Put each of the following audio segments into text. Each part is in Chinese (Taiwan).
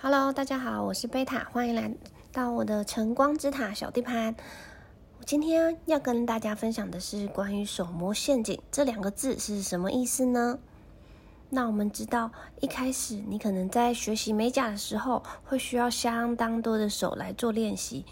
哈嘍，大家好，我是貝塔，歡迎來到我的晨光之塔小地盤。我今天要跟大家分享的是關於“手模陷阱”這兩個字是什麼意思呢？那我們知道，一開始你可能在學習美甲的時候，會需要相當多的手來做練習，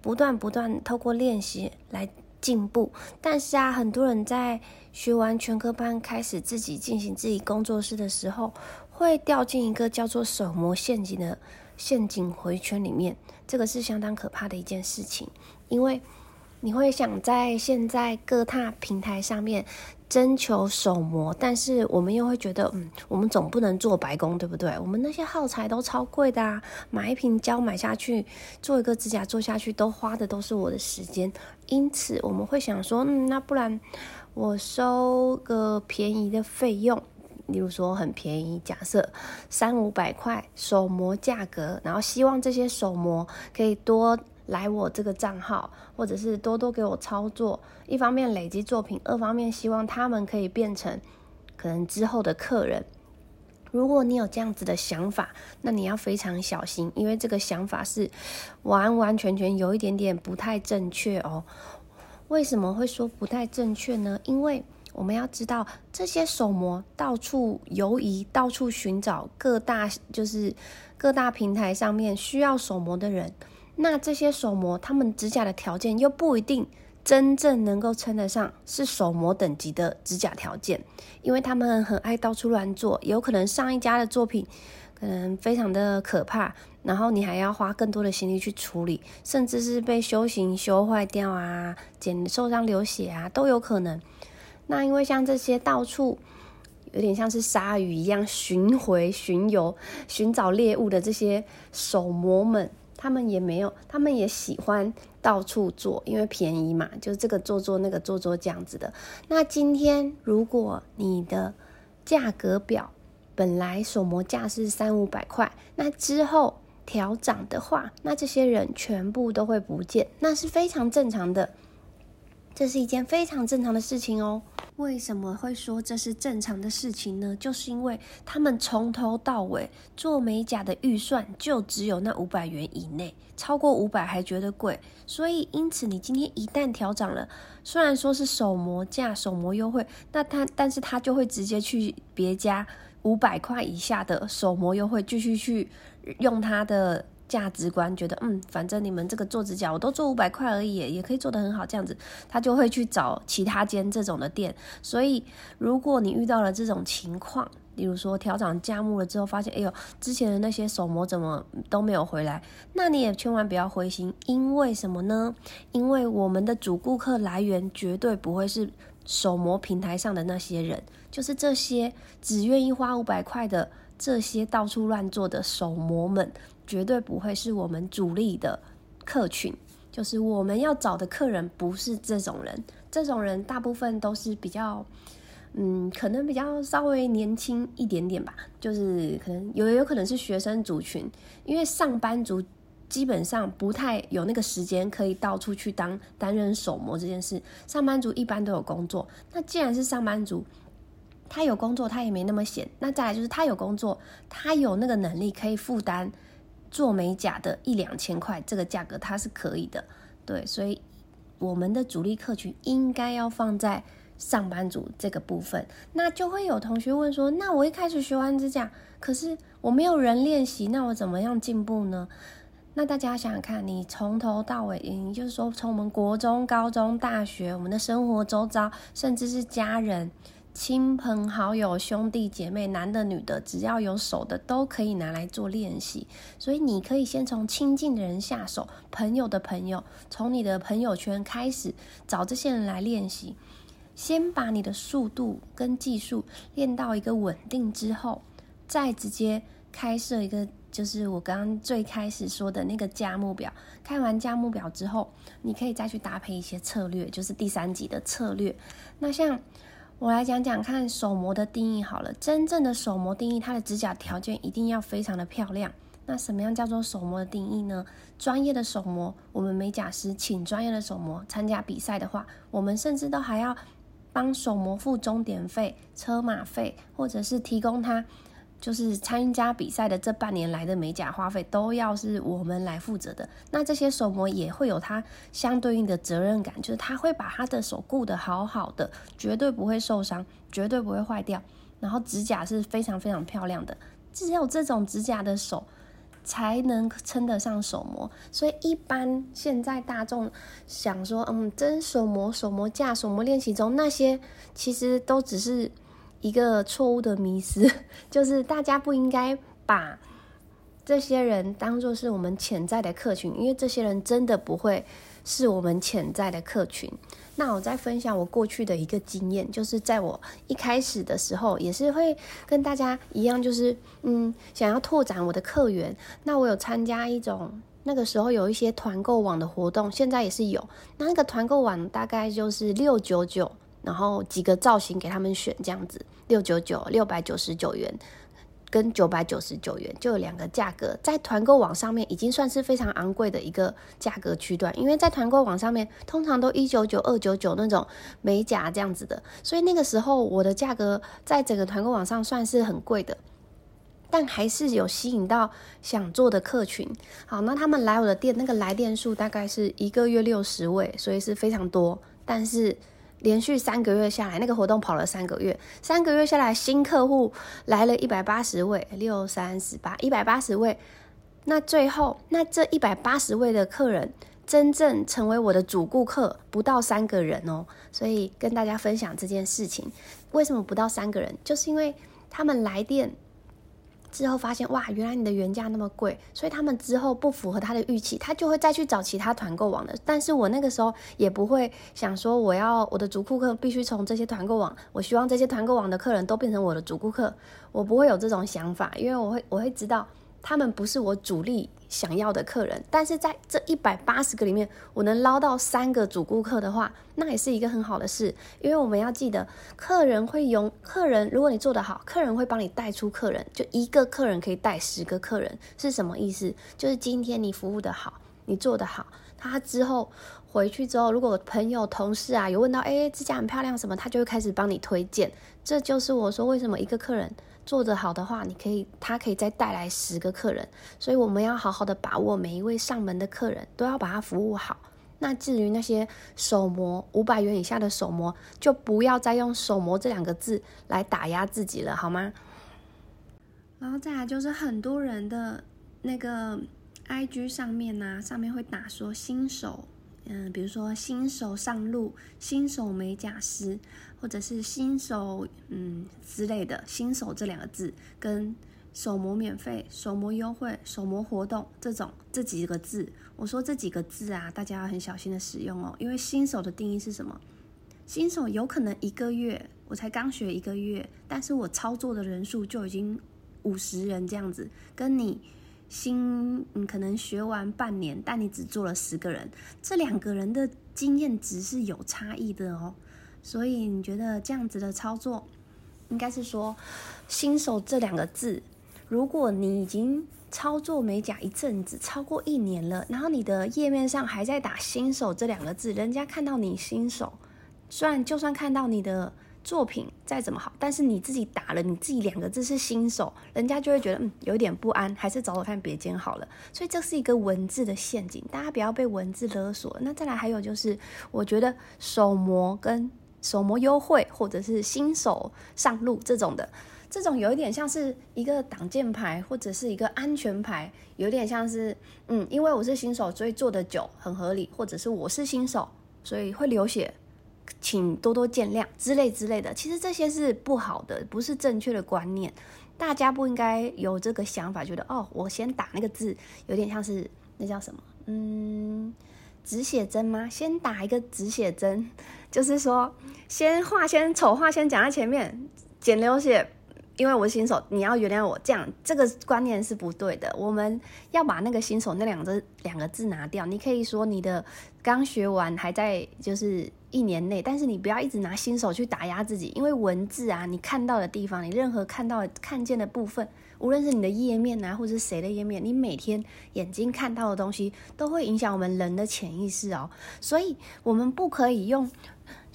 不斷不斷透過練習來進步。但是啊，很多人在學完全科班，開始自己進行自己工作室的時候。會掉進一個叫做手模陷阱的陷阱迴圈裡面，這個是相當可怕的一件事情，因為你會想在現在各大平台上面徵求手模，但是我們又會覺得，嗯，我們總不能做白工，對不對？我們那些耗材都超貴的啊，買一瓶膠買下去，做一個指甲做下去，都花的都是我的時間，因此我們會想說，嗯，那不然我收個便宜的費用。例如說很便宜，假設三五百塊手模價格，然後希望這些手模可以多來我這個賬號，或者是多多給我操作，一方面累積作品，二方面希望他們可以變成可能之後的客人。如果你有這樣子的想法，那你要非常小心，因為這個想法是完完全全有一點點不太正確哦。為什麼會說不太正確呢？因為我們要知道，這些手模到處游移，到處尋找各大就是各大平台上面需要手模的人。那這些手模，他們指甲的條件又不一定真正能夠稱得上是手模等級的指甲條件，因為他們很愛到處亂做，有可能上一家的作品可能非常的可怕，然後你還要花更多的心力去處理，甚至是被修型修壞掉啊，剪受傷流血啊，都有可能。那因為像這些到處有點像是鯊魚一樣巡迴巡遊、尋找獵物的這些手模們，他們也沒有，他們也喜歡到處做，因為便宜嘛，就是這個做做那個做做這樣子的。那今天如果你的價格表本來手模價是三五百塊，那之後調漲的話，那這些人全部都會不見，那是非常正常的。這是一件非常正常的事情哦。為什麼會說這是正常的事情呢？就是因為他們從頭到尾做美甲的預算就只有那五百元以內，超過五百還覺得貴。所以，因此你今天一旦調漲了，雖然說是手模價、手模優惠，那他但是他就會直接去別家五百塊以下的手模優惠，繼續去用他的。價值觀覺得，嗯，反正你們這個做指甲我都做五百塊而已，也可以做得很好，這樣子，他就會去找其他間這種的店。所以，如果你遇到了這種情況，例如說調整價目了之後，發現，哎呦，之前的那些手模怎麼都沒有回來，那你也千萬不要灰心，因為什麼呢？因為我們的主顧客來源絕對不會是手模平台上的那些人，就是這些只願意花五百塊的。這些到處亂做的手模們，絕對不會是我們主力的客群。就是我們要找的客人，不是這種人。這種人大部分都是比較，嗯，可能比較稍微年輕一點點吧。就是可能有，有有可能是學生族群，因為上班族基本上不太有那個時間可以到處去當擔任手模這件事。上班族一般都有工作。那既然是上班族，他有工作，他也沒那麼閒。那再來就是，他有工作，他有那個能力可以負擔做美甲的一兩千塊，這個價格他是可以的。對，所以我們的主力客群應該要放在上班族這個部分。那就會有同學問說：那我一開始學完指甲，可是我沒有人練習，那我怎麼樣進步呢？那大家想想看，你從頭到尾，也就是說從我們國中、高中、大學，我們的生活周遭，甚至是家人。親朋好友、兄弟姐妹，男的、女的，只要有手的都可以拿來做練習。所以你可以先從親近的人下手，朋友的朋友，從你的朋友圈開始找這些人來練習。先把你的速度跟技術練到一個穩定之後，再直接開設一個，就是我剛剛最開始說的那個價目表。看完價目表之後，你可以再去搭配一些策略，就是第三級的策略。那像……我來講講看手模的定義好了，真正的手模定義，它的指甲條件一定要非常的漂亮。那什麼樣叫做手模的定義呢？專業的手模，我們美甲師請專業的手模參加比賽的話，我們甚至都還要幫手模付鐘點費、車馬費，或者是提供它。就是參加比賽的這半年來的美甲花費都要是我們來負責的。那這些手模也會有他相對應的責任感，就是他會把他的手顧得好好的，絕對不會受傷，絕對不會壞掉。然後指甲是非常非常漂亮的，只有這種指甲的手才能稱得上手模。所以一般現在大眾想說，嗯，真手模、手模、假、手模練習中那些，其實都只是。一個錯誤的迷思，就是大家不應該把這些人當做是我們潛在的客群，因為這些人真的不會是我們潛在的客群。那我再分享我過去的一個經驗，就是在我一開始的時候也是會跟大家一樣，就是嗯，想要拓展我的客源。那我有參加一種那個時候有一些團購網的活動，現在也是有。那那個團購網大概就是六九九。然後幾個造型給他們選，這樣子六九九六百九十九元跟九百九十九元，就有兩個價格，在團購網上面已經算是非常昂貴的一個價格區段，因為在團購網上面通常都一九九二九九那種美甲這樣子的，所以那個時候我的價格在整個團購網上算是很貴的，但還是有吸引到想做的客群。好，那他們來我的店，那個來店數大概是一個月六十位，所以是非常多，但是。連續三個月下來，那個活動跑了三個月，三個月下來，新客戶來了一百八十位，六三十八，一百八十位。那最後，那這一百八十位的客人，真正成為我的主顧客，不到三個人哦。所以跟大家分享這件事情，為什麼不到三個人？就是因為他們來電。之後發現哇，原來你的原價那麼貴，所以他們之後不符合他的預期，他就會再去找其他團購網的。但是我那個時候也不會想說，我要我的主顧客必須從這些團購網，我希望這些團購網的客人都變成我的主顧客，我不會有這種想法，因為我會我會知道。他們不是我主力想要的客人，但是在這一百八十個裡面，我能撈到三個主顧客的話，那也是一個很好的事。因為我們要記得，客人會用客人，如果你做得好，客人會幫你帶出客人，就一個客人可以帶十個客人，是什麼意思？就是今天你服務得好，你做得好，他之後回去之後，如果朋友、同事啊有問到，哎，這家很漂亮什麼，他就會開始幫你推薦。這就是我說為什麼一個客人做得好的話，你可以，他可以再帶來十個客人，所以我們要好好的把握每一位上門的客人，都要把他服務好。那至於那些手模五百元以下的手模，就不要再用手模這兩個字來打壓自己了，好嗎？然後再來就是很多人的那個 IG 上面呢、啊，上面會打說新手，嗯，比如說新手上路，新手美甲師。或者是新手，嗯，之類的，新手這兩個字跟手模免費、手模優惠、手模活動這種這幾個字，我說這幾個字啊，大家要很小心的使用哦，因為新手的定義是什麼？新手有可能一個月我才剛學一個月，但是我操作的人數就已經五十人這樣子，跟你新你可能學完半年，但你只做了十個人，這兩個人的經驗值是有差異的哦。所以你覺得這樣子的操作，應該是說“新手”這兩個字。如果你已經操作美甲一陣子，超過一年了，然後你的頁面上還在打“新手”這兩個字，人家看到你“新手”，雖然就算看到你的作品再怎麼好，但是你自己打了你自己兩個字是“新手”，人家就會覺得嗯，有一點不安，還是找找看別間好了。所以這是一個文字的陷阱，大家不要被文字勒索。那再來還有就是，我覺得手模跟手模優惠，或者是新手上路這種的，這種有一點像是一個擋箭牌或者是一個安全牌，有點像是嗯，因為我是新手，所以做的久很合理，或者是我是新手，所以會流血，請多多見諒之類之類的。其實這些是不好的，不是正確的觀念，大家不應該有這個想法，覺得哦，我先打那個字，有點像是那叫什麼，嗯，止血針嗎？先打一個止血針。就是說，先話先醜話先講在前面，簡流血，因為我新手，你要原諒我這樣，這個觀念是不對的。我們要把那個新手那兩個兩個字拿掉。你可以說你的剛學完還在就是一年內，但是你不要一直拿新手去打壓自己，因為文字啊，你看到的地方，你任何看到看見的部分，無論是你的頁面啊，或者是誰的頁面，你每天眼睛看到的東西都會影響我們人的潛意識哦。所以，我們不可以用。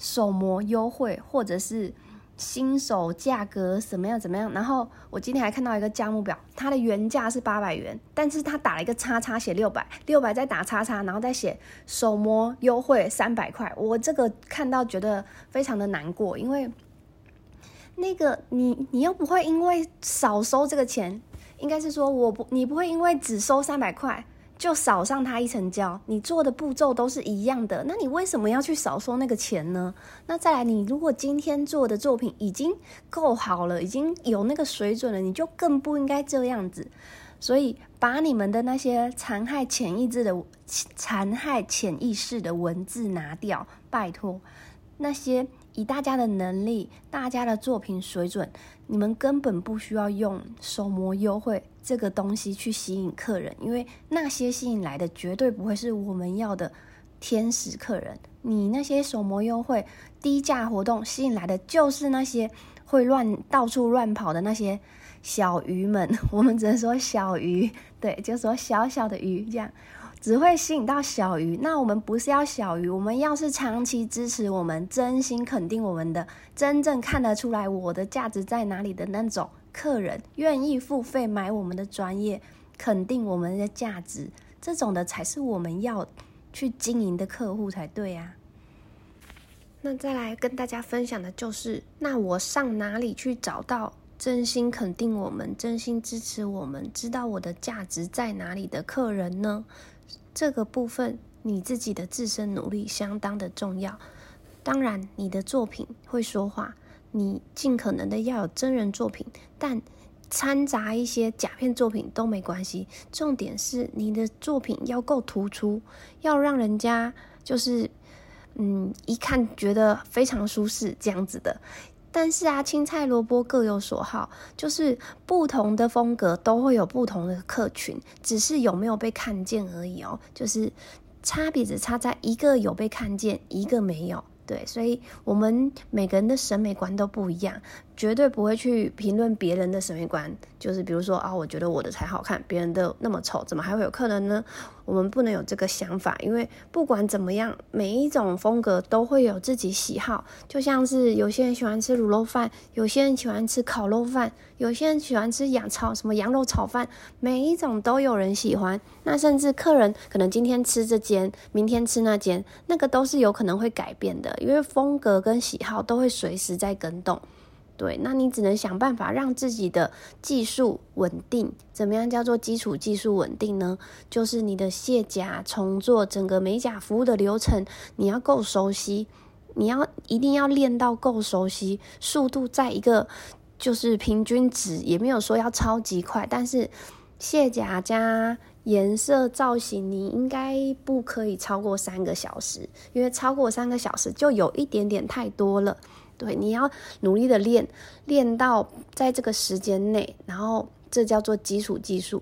手模優惠，或者是新手價格什麼樣怎麼樣？然後我今天還看到一個價目表，它的原價是八百元，但是他打了一個叉叉，寫六百，六百再打叉叉，然後再寫手模優惠三百塊。我這個看到覺得非常的難過，因為那個你你又不會因為少收這個錢，應該是說我不你不會因為只收三百塊，就少上他一層膠，你做的步驟都是一樣的，那你為什麼要去少收那個錢呢？那再來，你如果今天做的作品已經夠好了，已經有那個水準了，你就更不應該這樣子。所以把你們的那些殘害潛意識的、殘害潛意識的文字拿掉，拜托那些。以大家的能力，大家的作品水準，你們根本不需要用手模優惠這個東西去吸引客人，因為那些吸引來的絕對不會是我們要的天使客人。你那些手模優惠、低價活動吸引來的，就是那些會亂到處亂跑的那些小魚們。我們只能說小魚，對，就說小小的魚這樣。只會吸引到小魚。那我們不是要小魚，我們要是長期支持我們、真心肯定我們的、真正看得出來我的價值在哪裡的那種客人，願意付費買我們的專業、肯定我們的價值，這種的才是我們要去經營的客戶才對呀。那再來跟大家分享的就是，那我上哪裡去找到真心肯定我們、真心支持我們、知道我的價值在哪裡的客人呢？這個部分，你自己的自身努力相當的重要。當然，你的作品會說話，你盡可能的要有真人作品，但摻雜一些甲片作品都沒關係。重點是你的作品要夠突出，要讓人家就是，嗯，一看覺得非常舒適這樣子的。但是啊，青菜蘿蔔各有所好，就是不同的風格都會有不同的客群，只是有沒有被看見而已哦。就是差別只差在一個有被看見，一個沒有。對，所以我們每個人的審美觀都不一樣。絕對不會去評論別人的審美觀，就是比如說啊，我覺得我的才好看，別人的那麼醜，怎麼還會有客人呢？我們不能有這個想法，因為不管怎麼樣，每一種風格都會有自己喜好，就像是有些人喜歡吃滷肉飯，有些人喜歡吃烤肉飯，有些人喜歡吃羊炒什麼羊肉炒飯，每一種都有人喜歡。那甚至客人可能今天吃這間，明天吃那間，那個都是有可能會改變的，因為風格跟喜好都會隨時在更動。對，那你只能想辦法讓自己的技術穩定。怎麼樣叫做基礎技術穩定呢？就是你的卸甲、重做整個美甲服務的流程，你要夠熟悉，你要一定要練到夠熟悉。速度在一個就是平均值，也沒有說要超級快，但是卸甲加顏色造型，你應該不可以超過三個小時，因為超過三個小時就有一點點太多了。對，你要努力的練，練到在這個時間內，然後這叫做基礎技術。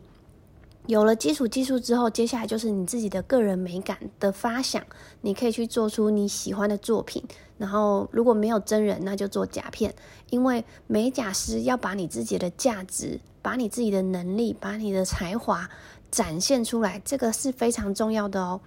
有了基礎技術之後，接下來就是你自己的個人美感的發想，你可以去做出你喜歡的作品。然後如果沒有真人，那就做甲片，因為美甲師要把你自己的價值、把你自己的能力、把你的才華展現出來，這個是非常重要的哦。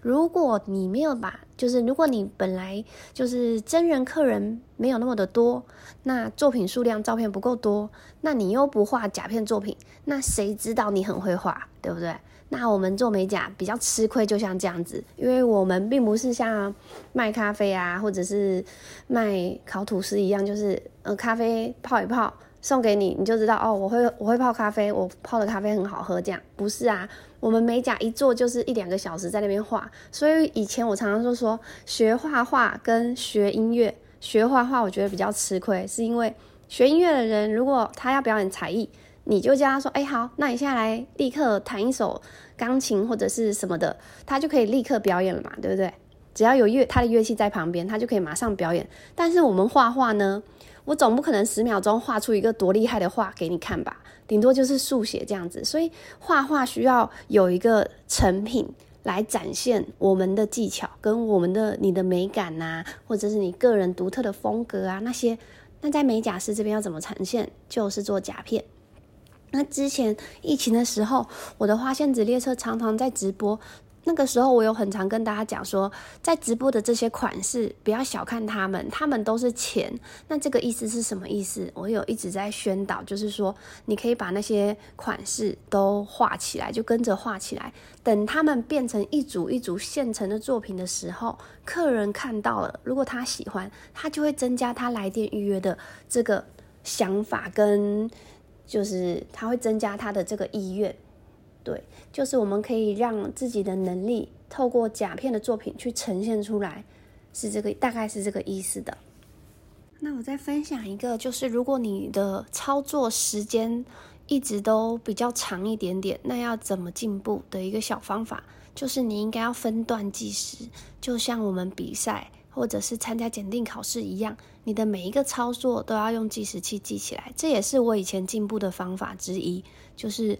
如果你沒有把，就是如果你本來就是真人客人沒有那麼的多，那作品數量、照片不夠多，那你又不畫甲片作品，那誰知道你很會畫，對不對？那我們做美甲比較吃虧，就像這樣子，因為我們並不是像賣咖啡啊，或者是賣烤吐司一樣，就是呃，咖啡泡一泡。送給你，你就知道哦，我會我會泡咖啡，我泡的咖啡很好喝。這樣不是啊？我們美甲一做就是一兩個小時在那邊畫，所以以前我常常說，說學畫畫跟學音樂，學畫畫我覺得比較吃虧，是因為學音樂的人如果他要表演才藝，你就叫他說哎、欸、好，那你下來立刻彈一首鋼琴或者是什麼的，他就可以立刻表演了嘛，對不對？只要有樂他的樂器在旁邊，他就可以馬上表演。但是我們畫畫呢？我總不可能十秒鐘畫出一個多厲害的畫給你看吧，頂多就是速寫這樣子。所以畫畫需要有一個成品來展現我們的技巧跟我們的你的美感吶、啊，或者是你個人獨特的風格啊那些。那在美甲師這邊要怎麼呈現？就是做甲片。那之前疫情的時候，我的花仙子列車常常在直播。那個時候我有很常跟大家講說，在直播的這些款式，不要小看他們，他們都是錢。那這個意思是什麼意思？我有一直在宣導，就是說你可以把那些款式都畫起來，就跟着畫起來。等他們變成一組一組現成的作品的時候，客人看到了，如果他喜歡，他就會增加他來電預約的這個想法，跟就是他會增加他的這個意願。對，就是我們可以讓自己的能力透過甲片的作品去呈現出來，是這個大概是這個意思的。那我再分享一個，就是如果你的操作時間一直都比較長一點點，那要怎麼進步的一個小方法，就是你應該要分段計時，就像我們比賽或者是參加檢定考試一樣，你的每一個操作都要用計時器記起來。這也是我以前進步的方法之一，就是。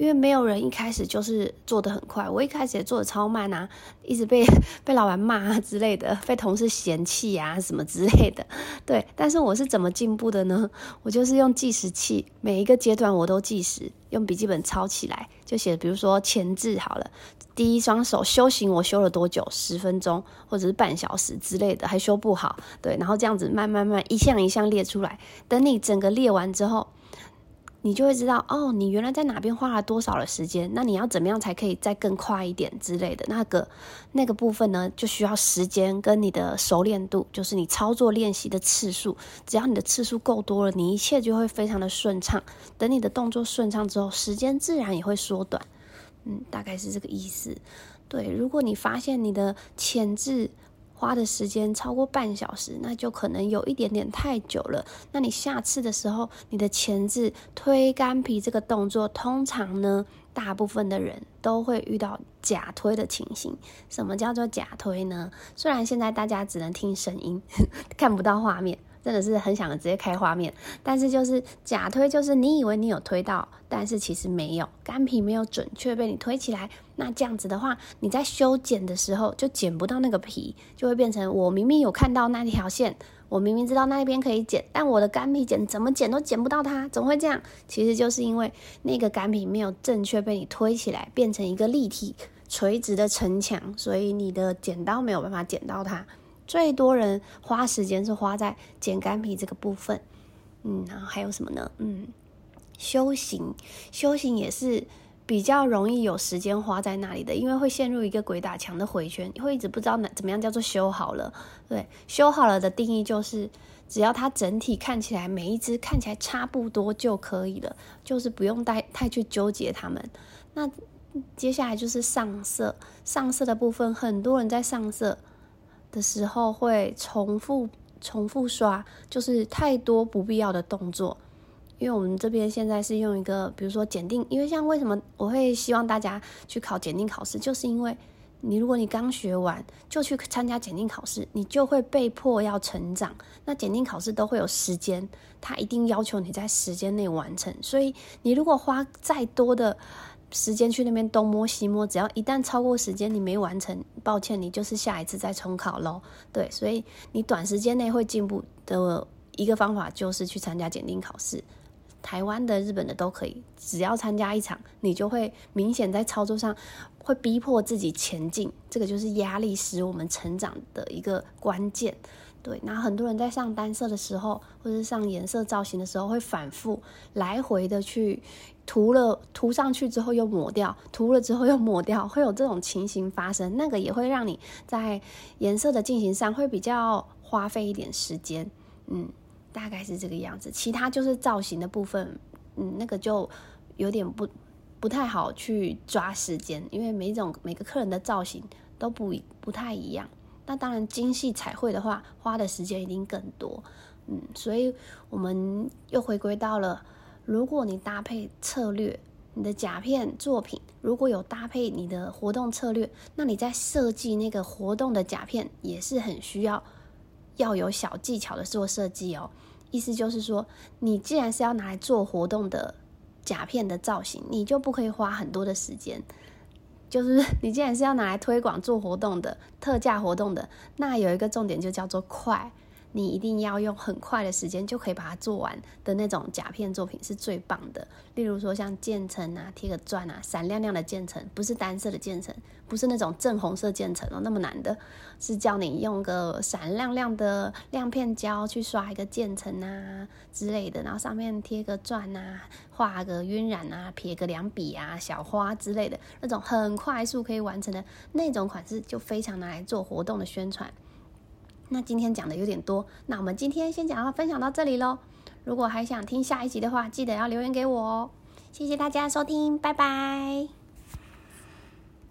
因為沒有人一開始就是做的很快，我一開始也做的超慢啊，一直被被老闆罵、啊、之類的，被同事嫌棄呀、啊、什麼之類的。對，但是我是怎麼進步的呢？我就是用計時器，每一個階段我都計時，用筆記本抄起來，就寫，比如說前置好了，第一雙手修行我修了多久，十分鐘或者是半小時之類的，還修不好，對，然後這樣子慢慢慢慢一項一項列出來，等你整個列完之後。你就會知道哦，你原來在哪邊花了多少的時間，那你要怎麼樣才可以再更快一點之類的？那個那個部分呢，就需要時間跟你的熟練度，就是你操作練習的次數。只要你的次數夠多了，你一切就會非常的順暢。等你的動作順暢之後，時間自然也會縮短。嗯，大概是這個意思。對，如果你發現你的潛質。花的時間超過半小時，那就可能有一點點太久了。那你下次的時候，你的前置推乾皮這個動作，通常呢，大部分的人都會遇到假推的情形。什麼叫做假推呢？雖然現在大家只能聽聲音，呵呵，看不到畫面。真的是很想直接開畫面，但是就是假推，就是你以為你有推到，但是其實沒有，乾皮沒有準確被你推起來。那這樣子的話，你在修剪的時候就剪不到那個皮，就會變成我明明有看到那條線，我明明知道那邊可以剪，但我的乾皮剪怎麼剪都剪不到它，怎麼會這樣？其實就是因為那個乾皮沒有正確被你推起來，變成一個立體垂直的城牆，所以你的剪刀沒有辦法剪到它。最多人花時間是花在剪乾皮這個部分，嗯，然後還有什麼呢？嗯，修行，修行也是比較容易有時間花在那裡的，因為會陷入一個鬼打牆的回圈，會一直不知道哪怎麼樣叫做修好了。對，修好了的定義就是只要它整體看起來，每一隻看起來差不多就可以了，就是不用太太去糾結它們。那接下來就是上色，上色的部分很多人在上色。的時候會重複重複刷，就是太多不必要的動作。因為我們這邊現在是用一個，比如說檢定，因為像為什麼我會希望大家去考檢定考試，就是因為你如果你剛學完就去參加檢定考試，你就會被迫要成長。那檢定考試都會有時間，它一定要求你在時間內完成，所以你如果花再多的。時間去那邊東摸西摸，只要一旦超過時間，你沒完成，抱歉，你就是下一次再重考咯。對，所以你短時間內會進步的一個方法就是去參加檢定考試，台灣的、日本的都可以，只要參加一場，你就會明顯在操作上會逼迫自己前進。這個就是壓力使我們成長的一個關鍵。對，那很多人在上單色的時候，或者上顏色造型的時候，會反覆來回的去。塗了塗上去之後又抹掉，塗了之後又抹掉，會有這種情形發生。那個也會讓你在顏色的進行上會比較花費一點時間，嗯，大概是這個樣子。其他就是造型的部分，嗯，那個就有點不不太好去抓時間，因為每種每個客人的造型都不不太一樣。那當然精細彩繪的話，花的時間一定更多，嗯，所以我們又回歸到了。如果你搭配策略，你的甲片作品如果有搭配你的活動策略，那你在設計那個活動的甲片也是很需要要有小技巧的做設計哦。意思就是說，你既然是要拿來做活動的甲片的造型，你就不可以花很多的時間。就是你既然是要拿來推廣做活動的特價活動的，那有一個重點就叫做快。你一定要用很快的時間就可以把它做完的那種甲片作品是最棒的。例如說像漸層啊，貼個鑽啊，閃亮亮的漸層，不是單色的漸層，不是那種正紅色漸層哦，那麼難的，是叫你用個閃亮亮的亮片膠去刷一個漸層啊之類的，然後上面貼個鑽啊，畫個暈染啊，撇個兩筆啊，小花之類的那種，很快速可以完成的那種款式，就非常拿來做活動的宣傳。那今天講的有點多，那我們今天先講要分享到這裡嘍。如果還想聽下一集的話，記得要留言給我哦。謝謝大家收聽，拜拜。